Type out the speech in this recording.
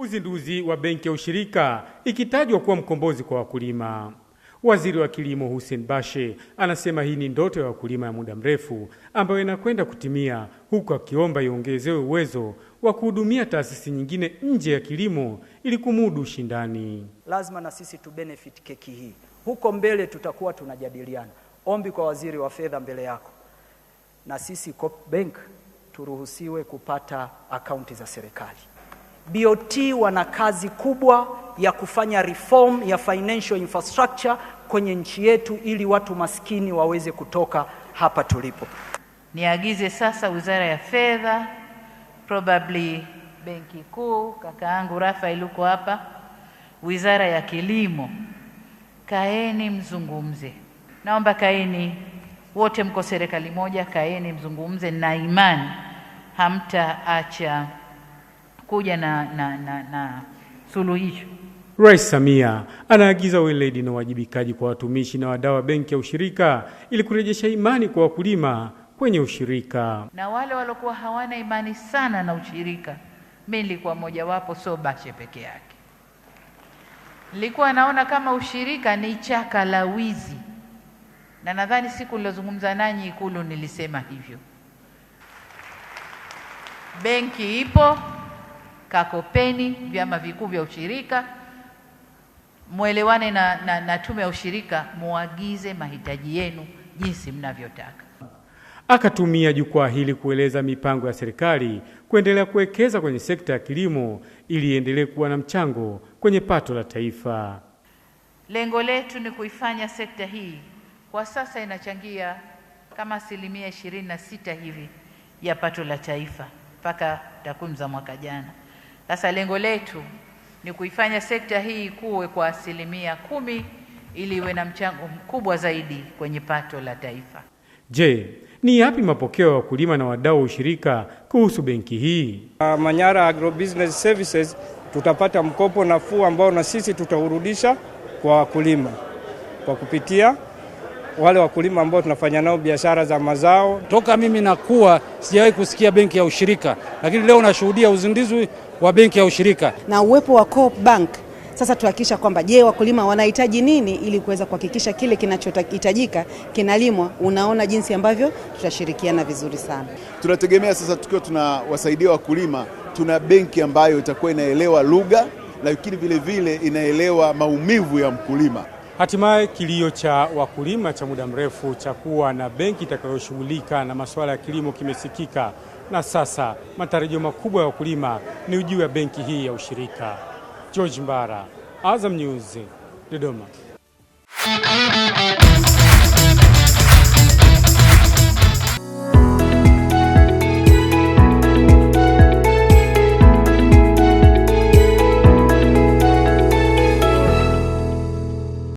Uzinduzi wa benki ya ushirika ikitajwa kuwa mkombozi kwa wakulima. Waziri wa Kilimo Hussein Bashe anasema hii ni ndoto ya wakulima ya muda mrefu ambayo inakwenda kutimia, huku akiomba iongezewe uwezo wa kuhudumia taasisi nyingine nje ya kilimo ili kumudu ushindani. Lazima na sisi tu benefit keki hii. Huko mbele tutakuwa tunajadiliana. Ombi kwa waziri wa fedha mbele yako, na sisi Coop Bank turuhusiwe kupata akaunti za serikali. BOT wana kazi kubwa ya kufanya reform ya financial infrastructure kwenye nchi yetu ili watu maskini waweze kutoka hapa tulipo. Niagize sasa Wizara ya Fedha, probably Benki Kuu, kaka yangu Rafael uko hapa, Wizara ya Kilimo, kaeni mzungumze. Naomba kaeni wote, mko serikali moja, kaeni mzungumze, na imani hamtaacha kuja na, na, na, na suluhisho. Rais Samia anaagiza weledi na uwajibikaji kwa watumishi na wadau wa benki ya ushirika ili kurejesha imani kwa wakulima kwenye ushirika, na wale waliokuwa hawana imani sana na ushirika. Mimi nilikuwa mojawapo, sio Bache peke yake. Nilikuwa naona kama ushirika ni chaka la wizi, na nadhani siku nilozungumza nanyi Ikulu nilisema hivyo. Benki ipo kakopeni vyama vikuu vya ushirika, mwelewane na, na, na tume ya ushirika, muagize mahitaji yenu jinsi mnavyotaka. Akatumia jukwaa hili kueleza mipango ya serikali kuendelea kuwekeza kwenye sekta ya kilimo ili iendelee kuwa na mchango kwenye pato la taifa. Lengo letu ni kuifanya sekta hii, kwa sasa inachangia kama asilimia ishirini na sita hivi ya pato la taifa mpaka takwimu za mwaka jana. Sasa lengo letu ni kuifanya sekta hii kuwe kwa asilimia kumi ili iwe na mchango mkubwa zaidi kwenye pato la taifa. Je, ni yapi mapokeo ya wakulima na wadau ushirika kuhusu benki hii? Manyara Agrobusiness Services tutapata mkopo nafuu ambao na sisi tutaurudisha kwa wakulima kwa kupitia wale wakulima ambao tunafanya nao biashara za mazao. Toka mimi nakuwa sijawahi kusikia benki ya ushirika, lakini leo nashuhudia uzinduzi wa benki ya ushirika na uwepo wa Coop Bank. Sasa tuhakikisha kwamba je, wakulima wanahitaji nini ili kuweza kuhakikisha kile kinachohitajika kinalimwa. Unaona jinsi ambavyo tutashirikiana vizuri sana. Tunategemea sasa tukiwa tunawasaidia wakulima, tuna benki ambayo itakuwa inaelewa lugha, lakini vilevile inaelewa maumivu ya mkulima. Hatimaye kilio cha wakulima cha muda mrefu cha kuwa na benki itakayoshughulika na masuala ya kilimo kimesikika, na sasa matarajio makubwa ya wakulima ni ujio wa benki hii ya ushirika. George Mbara, Azam News, Dodoma.